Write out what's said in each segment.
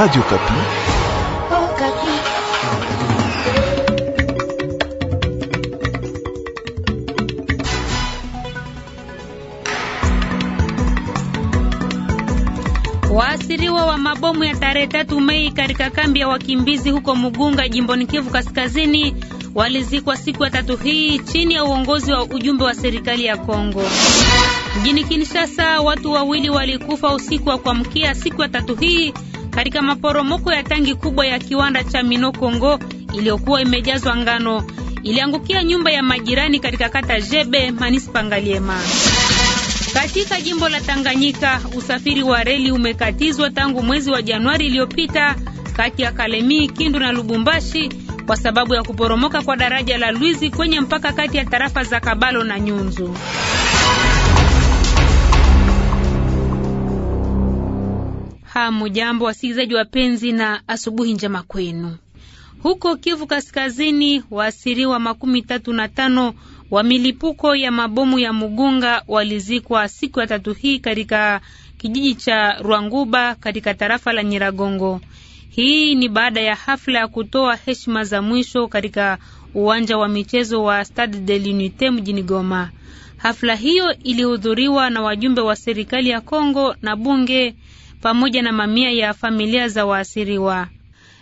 Radio Kapi. Oh, Kapi. Waasiriwa wa mabomu ya tarehe tatu Mei katika kambi ya wakimbizi huko Mugunga jimboni Kivu Kaskazini walizikwa siku ya tatu hii chini ya uongozi wa ujumbe wa serikali ya Kongo. Mjini Kinshasa watu wawili walikufa usiku wa kuamkia siku ya tatu hii katika maporomoko ya tangi kubwa ya kiwanda cha minokongo iliyokuwa imejazwa ngano iliangukia nyumba ya majirani katika kata Jebe manispa Ngaliema. Katika jimbo la Tanganyika, usafiri wa reli umekatizwa tangu mwezi wa Januari iliyopita kati ya Kalemie, Kindu na Lubumbashi kwa sababu ya kuporomoka kwa daraja la Lwizi kwenye mpaka kati ya tarafa za Kabalo na Nyunzu. Hamujambo wasikilizaji wapenzi, na asubuhi njema kwenu. Huko Kivu Kaskazini, waasiriwa makumi tatu na tano wa milipuko ya mabomu ya Mugunga walizikwa siku ya tatu hii katika kijiji cha Rwanguba katika tarafa la Nyiragongo. Hii ni baada ya hafla ya kutoa heshima za mwisho katika uwanja wa michezo wa Stade de l'Unite mjini Goma. Hafla hiyo ilihudhuriwa na wajumbe wa serikali ya Kongo na bunge pamoja na mamia ya familia za waasiriwa.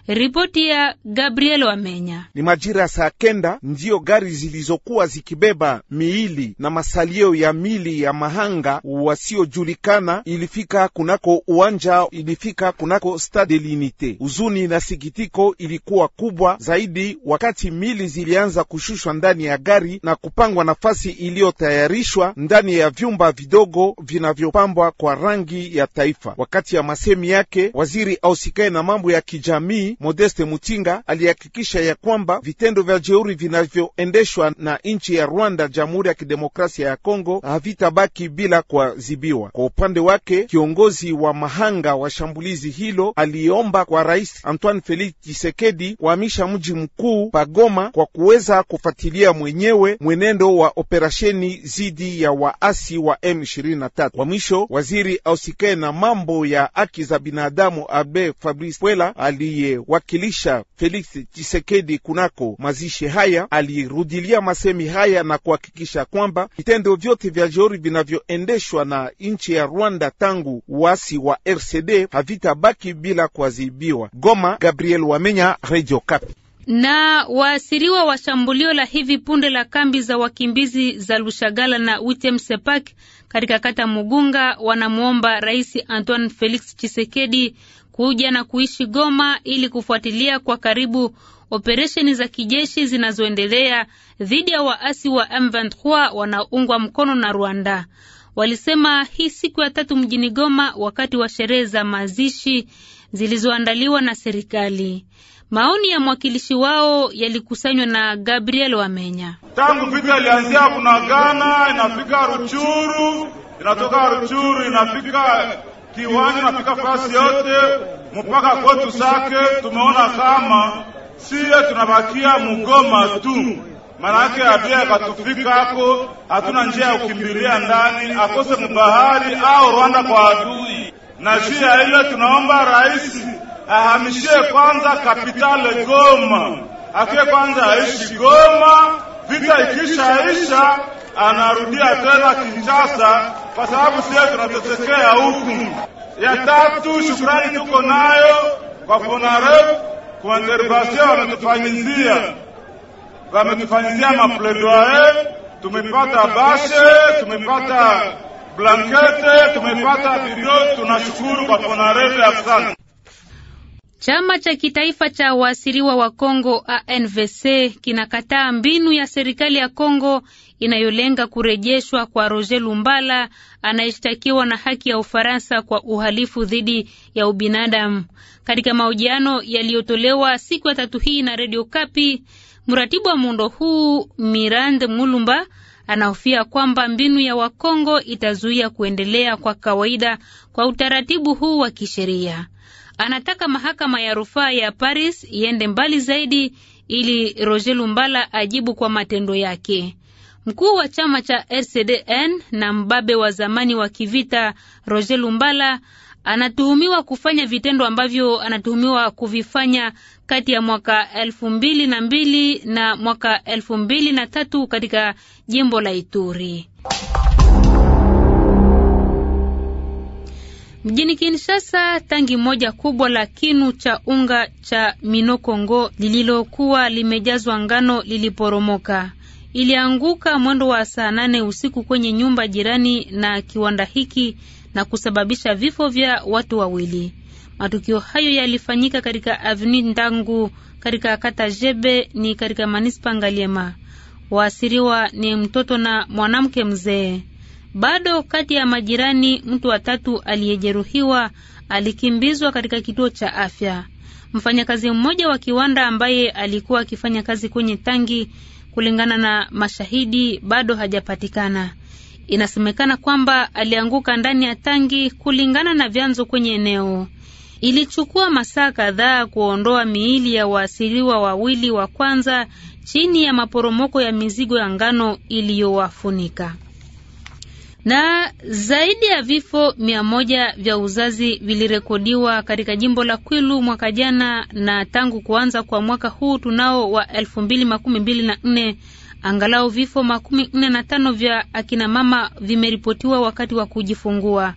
Ripoti ya Gabriel Wamenya. Ni majira ya saa kenda ndiyo gari zilizokuwa zikibeba miili na masalio ya mili ya mahanga wasiojulikana ilifika kunako uwanja, ilifika kunako Stade Linite. Huzuni na sikitiko ilikuwa kubwa zaidi wakati mili zilianza kushushwa ndani ya gari na kupangwa nafasi iliyotayarishwa ndani ya vyumba vidogo vinavyopambwa kwa rangi ya taifa. Wakati ya masemi yake, waziri ausikae na mambo ya kijamii Modeste Mutinga alihakikisha ya kwamba vitendo vya jeuri vinavyoendeshwa na nchi ya Rwanda, Jamhuri ya Kidemokrasia ya Kongo havitabaki bila kuadhibiwa. Kwa upande wake, kiongozi wa mahanga wa shambulizi hilo aliomba kwa Rais Antoine Felix Tshisekedi kuhamisha mji mkuu Pagoma kwa kuweza kufuatilia mwenyewe mwenendo wa operasheni dhidi ya waasi wa M23. Kwa mwisho, waziri ausikae na mambo ya haki za binadamu Abe Fabrice Pwela aliye wakilisha Felix Chisekedi kunako mazishi haya alirudilia masemi haya na kuhakikisha kwamba vitendo vyote vya jeuri vinavyoendeshwa na nchi ya Rwanda tangu uasi wa RCD havitabaki bila kuadhibiwa. Goma, Gabriel Wamenya, Radio Cap. na waasiriwa wa shambulio la hivi punde la kambi za wakimbizi za Lushagala na Witem Sepak katika kata Mugunga wanamwomba Rais Antoine Felix Chisekedi kuja na kuishi Goma ili kufuatilia kwa karibu operesheni za kijeshi zinazoendelea dhidi ya waasi wa M23 wanaoungwa mkono na Rwanda. Walisema hii siku ya tatu mjini Goma wakati wa sherehe za mazishi zilizoandaliwa na serikali. Maoni ya mwakilishi wao yalikusanywa na Gabriel Wamenya. Tangu vita ilianzia, kuna Gana inafika Ruchuru, inatoka Ruchuru inafika kiwani napika fasi yote mpaka kwetu Sake. Tumeona kama siye tunabakia mugoma tu, manake adui katufika ako, hatuna njia ya kukimbilia ndani, akose mubahari au Rwanda kwa adui. Na juu ya ile tunaomba rais ahamishie kwanza kapitale Goma, akiye kwanza aishi Goma, vita ikishaisha anarudia tena Kinshasa kwa sababu sio tunateseka huku. Ya tatu, shukrani tuko nayo kwa FONAREB kwa intervention wametufanyizia, wametufanyizia mapledoyer. Tumepata bashe, tumepata blankete, tumepata bido. Tunashukuru kwa FONAREB, asante. Chama cha kitaifa cha waasiriwa wa Kongo ANVC kinakataa mbinu ya serikali ya Kongo inayolenga kurejeshwa kwa Roger Lumbala anayeshtakiwa na haki ya Ufaransa kwa uhalifu dhidi ya ubinadamu. Katika mahojiano yaliyotolewa siku ya tatu hii na Radio Kapi, mratibu wa muundo huu Mirand Mulumba anahofia kwamba mbinu ya Wakongo itazuia kuendelea kwa kawaida kwa utaratibu huu wa kisheria. Anataka mahakama ya rufaa ya Paris iende mbali zaidi ili Roger Lumbala ajibu kwa matendo yake. Mkuu wa chama cha RCDN na mbabe wa zamani wa kivita Roger Lumbala anatuhumiwa kufanya vitendo ambavyo anatuhumiwa kuvifanya kati ya mwaka elfu mbili na mbili na mwaka elfu mbili na tatu katika jimbo la Ituri. Mjini Kinshasa, tangi moja kubwa la kinu cha unga cha Minokongo lililokuwa limejazwa ngano liliporomoka. Ilianguka mwendo wa saa nane usiku kwenye nyumba jirani na kiwanda hiki na kusababisha vifo vya watu wawili. Matukio hayo yalifanyika katika Avenue Ndangu katika kata Jebe ni katika manispa Ngaliema. Waasiriwa ni mtoto na mwanamke mzee. Bado kati ya majirani, mtu wa tatu aliyejeruhiwa alikimbizwa katika kituo cha afya. Mfanyakazi mmoja wa kiwanda ambaye alikuwa akifanya kazi kwenye tangi, kulingana na mashahidi, bado hajapatikana. Inasemekana kwamba alianguka ndani ya tangi, kulingana na vyanzo kwenye eneo. Ilichukua masaa kadhaa kuondoa miili ya waasiriwa wawili wa kwanza chini ya maporomoko ya mizigo ya ngano iliyowafunika. Na zaidi ya vifo mia moja vya uzazi vilirekodiwa katika jimbo la Kwilu mwaka jana, na tangu kuanza kwa mwaka huu tunao wa elfu mbili makumi mbili na nne angalau vifo makumi nne na tano vya akina mama vimeripotiwa wakati wa kujifungua.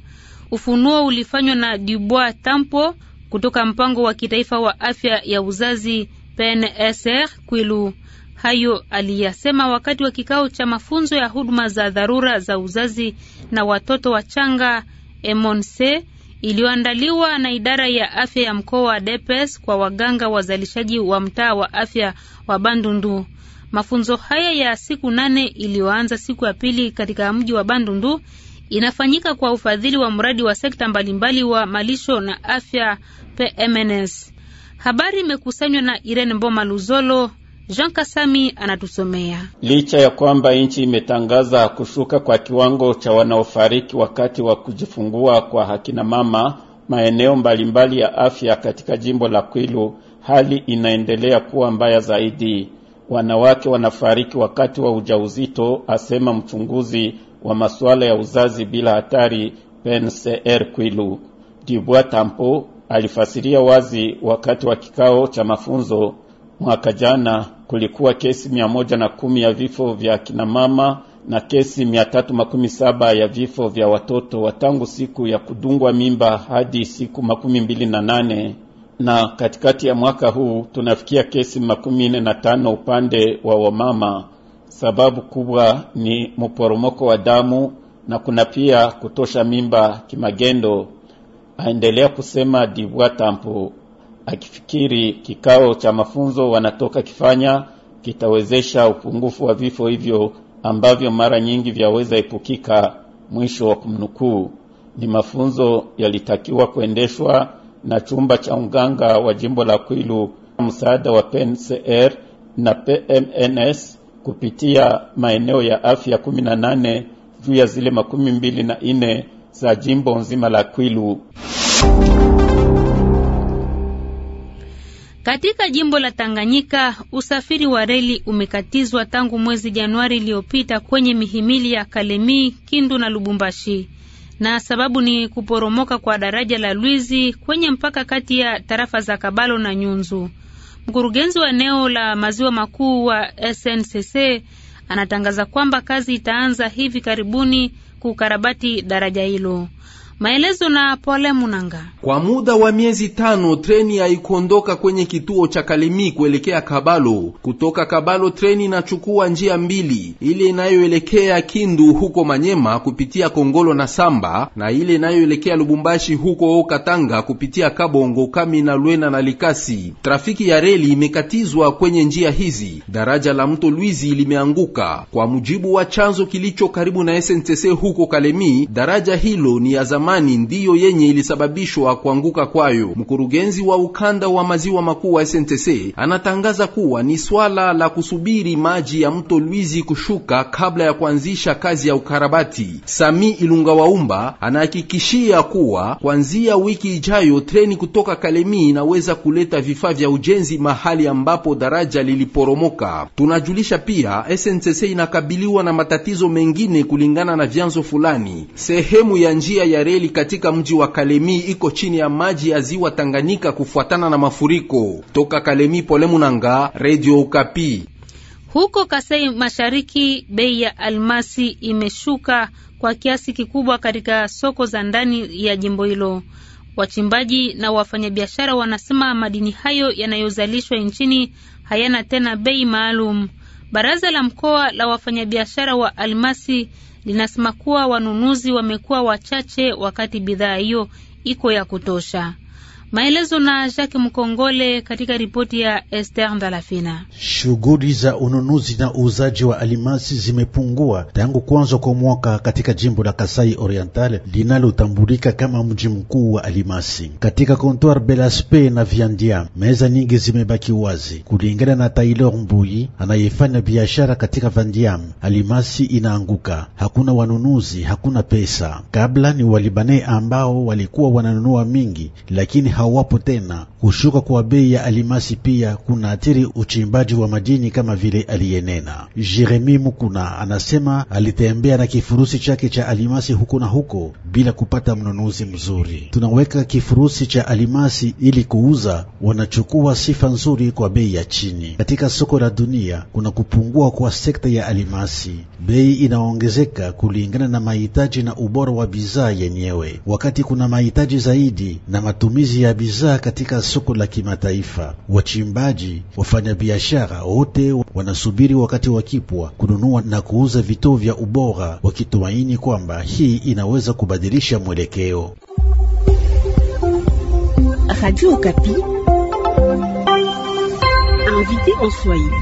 Ufunuo ulifanywa na Dubois Tampo kutoka mpango wa kitaifa wa afya ya uzazi PNSR Kwilu. Hayo aliyasema wakati wa kikao cha mafunzo ya huduma za dharura za uzazi na watoto wachanga Emonse iliyoandaliwa na idara ya afya ya mkoa wa Depes kwa waganga wazalishaji wa mtaa wa afya wa Bandundu. Mafunzo haya ya siku nane iliyoanza siku ya pili katika mji wa Bandundu inafanyika kwa ufadhili wa mradi wa sekta mbalimbali wa malisho na afya PMNS. Habari imekusanywa na Irene Mboma Luzolo Jean Kasami anatusomea. Licha ya kwamba nchi imetangaza kushuka kwa kiwango cha wanaofariki wakati wa kujifungua kwa hakina mama maeneo mbalimbali ya afya katika jimbo la Kwilu, hali inaendelea kuwa mbaya zaidi. Wanawake wanafariki wakati wa ujauzito, asema mchunguzi wa masuala ya uzazi bila hatari PNCR Kwilu. Dibwa Tampo alifasiria wazi wakati wa kikao cha mafunzo mwaka jana kulikuwa kesi mia moja na kumi ya vifo vya mama na kesi mia tatu makumi saba ya vifo vya watoto watangu siku ya kudungwa mimba hadi siku makumi mbili na nane na katikati ya mwaka huu tunafikia kesi makumi nne na tano upande wa wamama. Sababu kubwa ni mporomoko wa damu na kuna pia kutosha mimba kimagendo, aendelea kusema Dibwa Tampu akifikiri kikao cha mafunzo wanatoka kifanya kitawezesha upungufu wa vifo hivyo ambavyo mara nyingi vyaweza epukika. Mwisho wa kumnukuu. Ni mafunzo yalitakiwa kuendeshwa na chumba cha uganga wa jimbo la Kwilu, msaada wa PNCR na PMNS kupitia maeneo ya afya 18 juu ya zile makumi mbili na nne za jimbo nzima la Kwilu. Katika jimbo la Tanganyika, usafiri wa reli umekatizwa tangu mwezi Januari iliyopita kwenye mihimili ya Kalemi, Kindu na Lubumbashi. Na sababu ni kuporomoka kwa daraja la Lwizi kwenye mpaka kati ya tarafa za Kabalo na Nyunzu. Mkurugenzi wa eneo la maziwa makuu wa SNCC anatangaza kwamba kazi itaanza hivi karibuni kukarabati daraja hilo. Maelezo na Pole Munanga. Kwa muda wa miezi tano treni haikuondoka kwenye kituo cha Kalemi kuelekea Kabalo. Kutoka Kabalo treni inachukua njia mbili, ile inayoelekea Kindu huko Manyema kupitia Kongolo na Samba na ile inayoelekea Lubumbashi huko Katanga kupitia Kabongo, Kamina, Lwena na Likasi. Trafiki ya reli imekatizwa kwenye njia hizi. Daraja la mto lwizi limeanguka. Kwa mujibu wa chanzo kilicho karibu na SNTC huko Kalemi, daraja hilo ni ya zamani zamani ndiyo yenye ilisababishwa kuanguka kwayo. Mkurugenzi wa ukanda wa maziwa makuu wa SNTC anatangaza kuwa ni swala la kusubiri maji ya mto Lwizi kushuka kabla ya kuanzisha kazi ya ukarabati. Sami Ilunga Waumba anahakikishia kuwa kuanzia wiki ijayo treni kutoka Kalemi inaweza kuleta vifaa vya ujenzi mahali ambapo daraja liliporomoka. Tunajulisha pia sntc inakabiliwa na matatizo mengine kulingana na vyanzo fulani. Sehemu ya njia ya reli Israeli katika mji wa Kalemi iko chini ya maji ya ziwa Tanganyika kufuatana na mafuriko. Toka Kalemi, Pole Munanga, Radio Okapi. Huko Kasai Mashariki, bei ya almasi imeshuka kwa kiasi kikubwa katika soko za ndani ya jimbo hilo. Wachimbaji na wafanyabiashara wanasema madini hayo yanayozalishwa nchini hayana tena bei maalum. Baraza la mkoa la wafanyabiashara wa almasi linasema kuwa wanunuzi wamekuwa wachache wakati bidhaa hiyo iko ya kutosha. Maelezo na Jacques Mkongole katika ripoti ya Esther Ndalafina. Shughuli za ununuzi na uuzaji wa alimasi zimepungua tangu kuanza kwa mwaka katika jimbo la Kasai Oriental linalotambulika kama mji mkuu wa alimasi. Katika Comptoir Belaspe na Viandia, meza nyingi zimebaki wazi. Kulingana na Taylor Mbui anayefanya biashara katika Vandiam, alimasi inaanguka, hakuna wanunuzi, hakuna pesa. Kabla ni Walibane ambao walikuwa wananunua mingi, lakini hawapo tena. Kushuka kwa bei ya alimasi pia kunaathiri uchimbaji wa madini kama vile aliyenena Jeremi Mukuna. Anasema alitembea na kifurusi chake cha alimasi huko na huko bila kupata mnunuzi mzuri. Tunaweka kifurusi cha alimasi ili kuuza, wanachukua sifa nzuri kwa bei ya chini. Katika soko la dunia kuna kupungua kwa sekta ya alimasi, bei inaongezeka kulingana na mahitaji na ubora wa bidhaa yenyewe, wakati kuna mahitaji zaidi na matumizi ya ya bidhaa katika soko la kimataifa. Wachimbaji, wafanyabiashara wote wanasubiri wakati wakipwa kununua na kuuza vituo vya ubora, wakitumaini kwamba hii inaweza kubadilisha mwelekeo. Radio Okapi invité en Swahili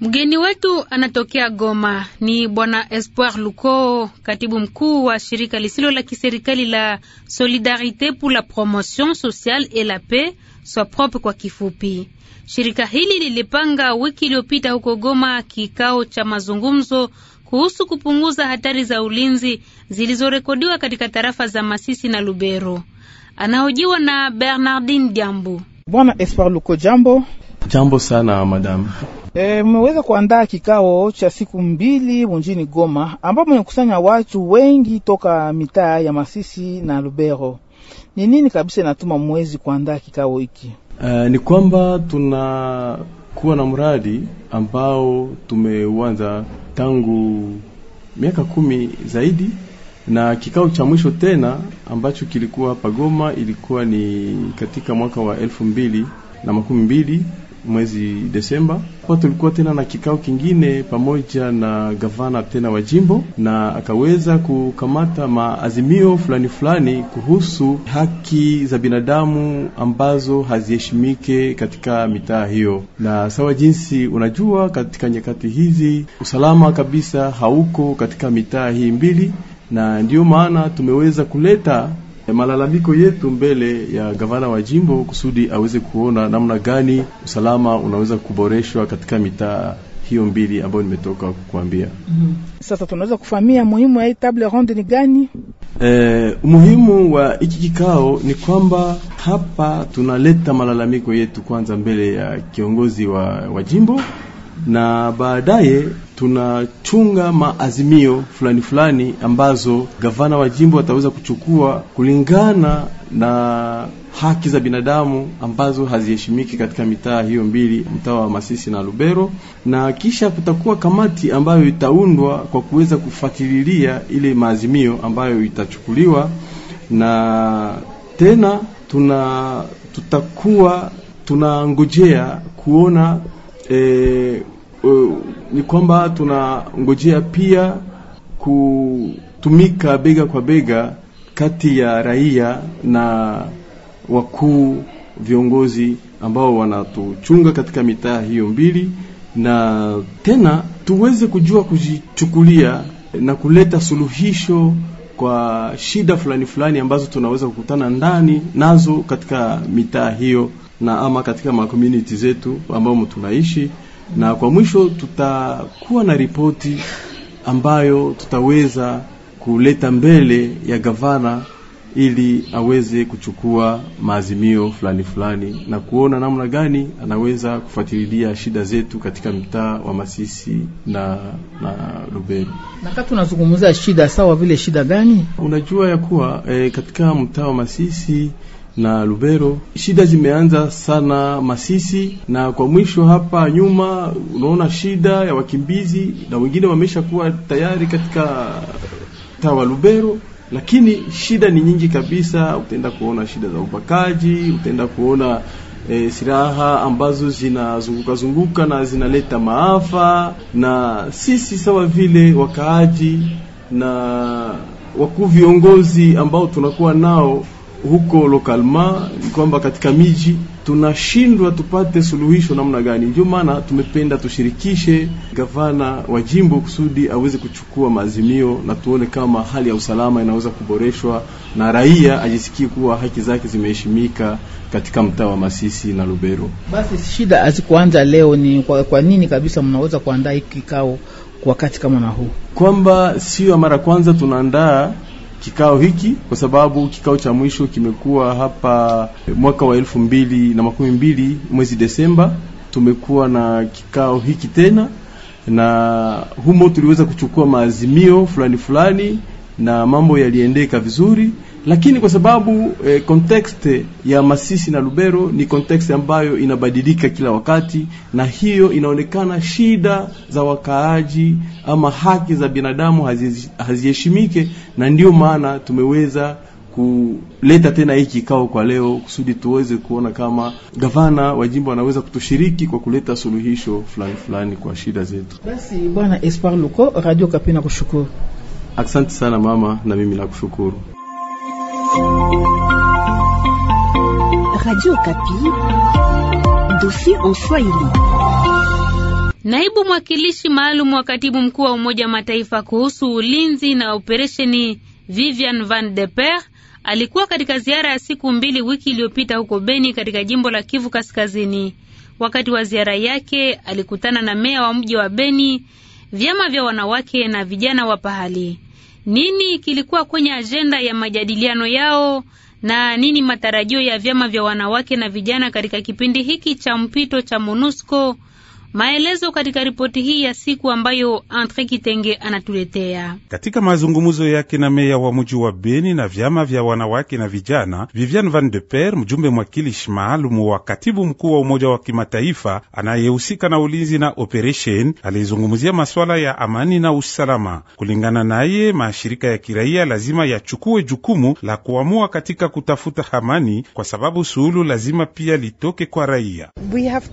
Mgeni wetu anatokea Goma ni Bwana Espoir Luko, katibu mkuu wa shirika lisilo la kiserikali la Solidarite pour la Promotion Sociale et la Paix, SOPROP kwa kifupi. Shirika hili lilipanga wiki iliyopita huko Goma kikao cha mazungumzo kuhusu kupunguza hatari za ulinzi zilizorekodiwa katika tarafa za Masisi na Lubero. Anahojiwa na Bernardin Diambu. Bwana Espoir Luko, jambo. Jambo sana madam. E, mmeweza kuandaa kikao cha siku mbili mjini Goma ambapo mmekusanya watu wengi toka mitaa ya Masisi na Lubero. Ni nini kabisa inatuma mwezi kuandaa kikao hiki? E, ni kwamba tunakuwa na mradi ambao tumeuanza tangu miaka kumi zaidi, na kikao cha mwisho tena ambacho kilikuwa hapa Goma ilikuwa ni katika mwaka wa elfu mbili na makumi mbili mwezi Desemba kwa tulikuwa tena na kikao kingine pamoja na gavana tena wa jimbo, na akaweza kukamata maazimio fulani fulani kuhusu haki za binadamu ambazo haziheshimike katika mitaa hiyo. Na sawa jinsi unajua, katika nyakati hizi usalama kabisa hauko katika mitaa hii mbili, na ndiyo maana tumeweza kuleta E, malalamiko yetu mbele ya gavana wa jimbo kusudi aweze kuona namna gani usalama unaweza kuboreshwa katika mitaa hiyo mbili ambayo nimetoka kukuambia. Mm -hmm. Sasa tunaweza kufahamia muhimu ya table ronde ni gani? Eh, umuhimu wa hiki kikao ni kwamba hapa tunaleta malalamiko yetu kwanza mbele ya kiongozi wa, wa jimbo na baadaye tunachunga maazimio fulani fulani ambazo gavana wa jimbo wataweza kuchukua kulingana na haki za binadamu ambazo haziheshimiki katika mitaa hiyo mbili, mtaa wa Masisi na Lubero, na kisha kutakuwa kamati ambayo itaundwa kwa kuweza kufuatilia ile maazimio ambayo itachukuliwa, na tena tuna tutakuwa tunangojea kuona e, Eh, ni kwamba tunangojea pia kutumika bega kwa bega kati ya raia na wakuu viongozi ambao wanatuchunga katika mitaa hiyo mbili, na tena tuweze kujua kujichukulia na kuleta suluhisho kwa shida fulani fulani ambazo tunaweza kukutana ndani nazo katika mitaa hiyo na ama katika makomuniti zetu ambao tunaishi na kwa mwisho tutakuwa na ripoti ambayo tutaweza kuleta mbele ya gavana ili aweze kuchukua maazimio fulani fulani na kuona namna gani anaweza kufuatilia shida zetu katika mtaa wa Masisi na na Lubero. Na kati tunazungumzia shida sawa vile shida gani? Unajua ya kuwa e, katika mtaa wa Masisi na Lubero. Shida zimeanza sana Masisi, na kwa mwisho hapa nyuma unaona shida ya wakimbizi, na wengine wameshakuwa tayari katika tawa Lubero lakini shida ni nyingi kabisa. Utaenda kuona shida za ubakaji, utaenda kuona e, silaha ambazo zinazunguka zunguka na zinaleta maafa, na sisi sawa vile wakaaji na wakuu viongozi ambao tunakuwa nao huko lokalma ni kwamba katika miji tunashindwa tupate suluhisho namna gani. Ndio maana tumependa tushirikishe gavana wa jimbo kusudi aweze kuchukua maazimio na tuone kama hali ya usalama inaweza kuboreshwa na raia ajisikie kuwa haki zake zimeheshimika katika mtaa wa Masisi na Lubero. Basi shida hazikuanza leo. Ni kwa, kwa nini kabisa mnaweza kuandaa hiki kikao wakati kama na huu, kwamba sio mara kwanza tunaandaa kikao hiki kwa sababu kikao cha mwisho kimekuwa hapa mwaka wa elfu mbili na makumi mbili mwezi Desemba. Tumekuwa na kikao hiki tena, na humo tuliweza kuchukua maazimio fulani fulani na mambo yaliendeka vizuri lakini kwa sababu eh, context ya Masisi na Lubero ni context ambayo inabadilika kila wakati, na hiyo inaonekana shida za wakaaji ama haki za binadamu haziheshimike, na ndio maana tumeweza kuleta tena hii kikao kwa leo kusudi tuweze kuona kama gavana wa jimbo anaweza kutushiriki kwa kuleta suluhisho fulani fulani kwa shida zetu. Basi bwana Espoir Luko, Radio Kapi, kushukuru. Asante sana mama, na mimi nakushukuru. Radio Okapi, dossier en Swahili. Naibu mwakilishi maalum wa katibu mkuu wa Umoja wa Mataifa kuhusu ulinzi na operesheni Vivian Van de Per alikuwa katika ziara ya siku mbili wiki iliyopita huko Beni katika jimbo la Kivu Kaskazini. Wakati wa ziara yake alikutana na meya wa mji wa Beni, vyama vya wanawake na vijana wa pahali. Nini kilikuwa kwenye ajenda ya majadiliano yao na nini matarajio ya vyama vya wanawake na vijana katika kipindi hiki cha mpito cha MONUSCO Maelezo katika ripoti hii ya siku ambayo Andre Kitenge anatuletea. Katika mazungumzo yake na meya wa mji wa Beni na vyama vya wanawake na vijana, Vivian Van de Per, mjumbe mwakilishi maalumu wa katibu mkuu wa Umoja wa Kimataifa anayehusika na ulinzi na operesheni, alizungumzia masuala ya amani na usalama. Kulingana naye, mashirika ya kiraia lazima yachukue jukumu la kuamua katika kutafuta amani, kwa sababu suluhu lazima pia litoke kwa raia. We have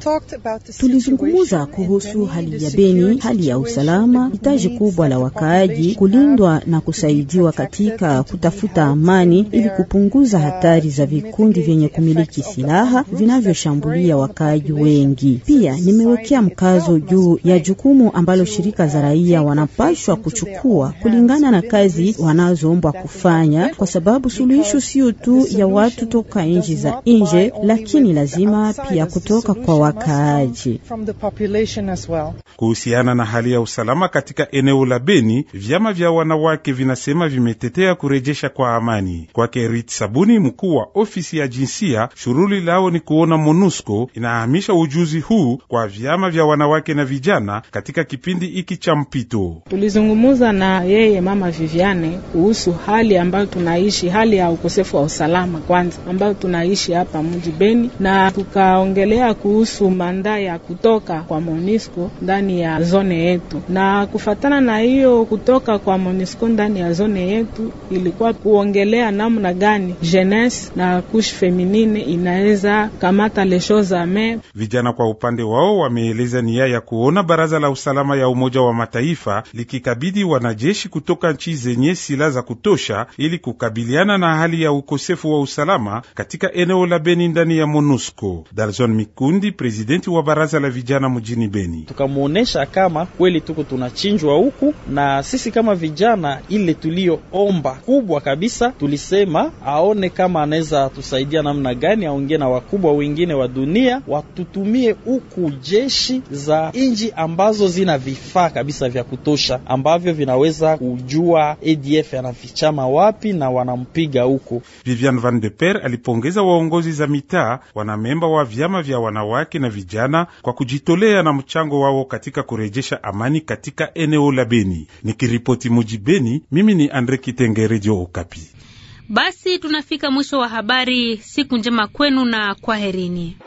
kuzungumza kuhusu hali ya Beni, hali ya usalama, hitaji kubwa la wakaaji kulindwa na kusaidiwa katika kutafuta amani ili kupunguza hatari za vikundi vyenye kumiliki silaha vinavyoshambulia wakaaji wengi. Pia nimewekea mkazo juu ya jukumu ambalo shirika za raia wanapashwa kuchukua kulingana na kazi wanazoombwa kufanya, kwa sababu suluhisho sio tu ya watu toka nchi za nje, lakini lazima pia kutoka kwa wakaaji population as well. Kuhusiana na hali ya usalama katika eneo la Beni, vyama vya wanawake vinasema vimetetea kurejesha kwa amani. Kwake Rit Sabuni, mkuu wa ofisi ya jinsia, shughuli lao ni kuona MONUSCO inahamisha ujuzi huu kwa vyama vya wanawake na vijana katika kipindi hiki cha mpito. Tulizungumuza na yeye mama Viviane kuhusu hali ambayo tunaishi, hali ya ukosefu wa usalama kwanza ambayo tunaishi hapa mji Beni, na tukaongelea kuhusu manda ya kutoka kwa Monisco ndani ya zone yetu, na kufatana na hiyo kutoka kwa Monisco ndani ya zone yetu ilikuwa kuongelea namna gani jeunesse na couche feminine inaweza kamata leshozame. Vijana kwa upande wao wameeleza nia ya kuona baraza la usalama ya Umoja wa Mataifa likikabidhi wanajeshi kutoka nchi zenye silaha za kutosha ili kukabiliana na hali ya ukosefu wa usalama katika eneo la Beni ndani ya Monusco. Dalzon Mikundi, presidenti wa baraza la vijana mjini Beni, tukamwonyesha kama kweli tuko tunachinjwa huku, na sisi kama vijana, ile tuliyoomba kubwa kabisa tulisema aone kama anaweza tusaidia namna gani, aongee na wakubwa wengine wa dunia watutumie huku jeshi za nchi ambazo zina vifaa kabisa vya kutosha ambavyo vinaweza kujua ADF anafichama wapi na wanampiga huku. Vivian Van de Per alipongeza waongozi za mitaa, wanamemba wa vyama vya wanawake na vijana kwa kujitolea wanaendelea na mchango wao katika kurejesha amani katika eneo la Beni. Nikiripoti muji Beni, mimi ni Andre Kitenge, Redio Okapi. Basi tunafika mwisho wa habari. Siku njema kwenu na kwaherini.